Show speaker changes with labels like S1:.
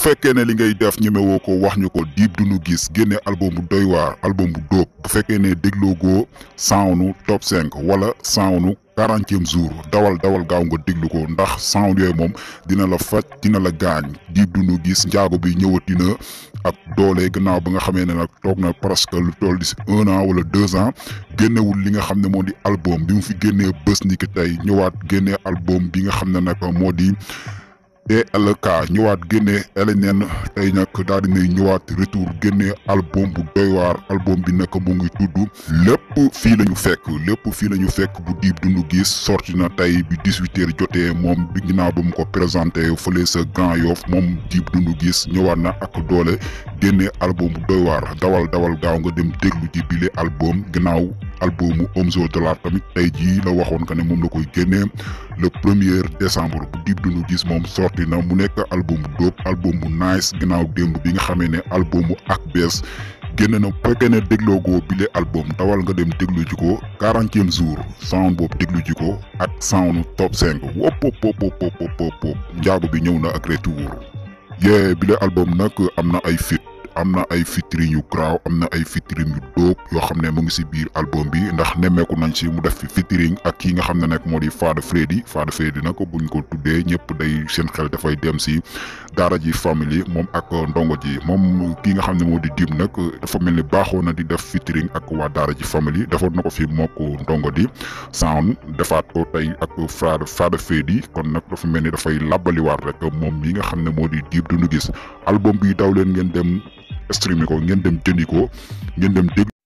S1: fekkee ne li ngay def ñemewoo ko wax ñu ko du Doundou gis génne album bu doy waar album bu dóob bu fekkee ne dégloo goo sound top 5 wala sound quarantième jour dawal dawal gaaw nga déglu ko ndax sound moom dina la faj dina la gaañ Dip Doundou gis njaago bi ñëwati na ak doole gannaaw ba nga xamee ne nag toog na presque lu toll di si un an wala deux ans génnewul li nga xam ne moo di album bi mu fi génnee bës ni tey ñëwaat génnee album bi nga xam ne nag moo di. DLK e ñëwaat génne LNN tey nag daal dinay ñëwaat retour génne album bu doy waar album bi nag mu ngi tudd lépp fii la ñu fekk lépp fii la ñu fekk bu diib dundu gis sorti na tey bi 18 heures jotee moom bi ginnaaw ba mu ko présenté fële sa Grand Yoff moom diib dundu gis ñëwaat na ak doole génne album bu doy dawal dawal gaaw nga dem déglu ji bile album ginnaaw albumu Omzo Dollar tamit tey jii la waxoon que ne moom la koy génnee le premier décembre bu dib duñu gis moom sorti na mu nekk album bu dóob album bu nice ginnaaw démb bi nga xamee ne albumu ak bees génn na bu fekkee ne dégloogoo bile album dawal nga dem déglu ji ko quarantième jour sound boobu déglu ji ko ak sound top 5 wop wop wop njaago bi ñëw na ak retour yee bile album nag am na ay fit am na ay featuring yu graaw am na ay featuring yu dóog yoo xam ne mu ngi si biir album bi ndax nemmeeku nañ si mu def fi featuring ak ki nga xam ne nag moo di Fada Freddy Fada Freddy nag buñ ko tuddee ñëpp day seen xel dafay dem si daara ji family moom ak ndongo ji moom ki nga xam ne moo di Dip nag dafa mel ni baaxoo na di def featuring ak waa daara ji family defoon na ko fi mook ndongo di sound defaat ko tey ak Fada Fada Freddy kon nag dafa mel ni dafay labbaliwaat rek moom mi nga xam ne moo di Dip Doundou Guiss album bi daw leen ngeen dem streamé ko ngeen dem jëndi ko ngeen dem déglu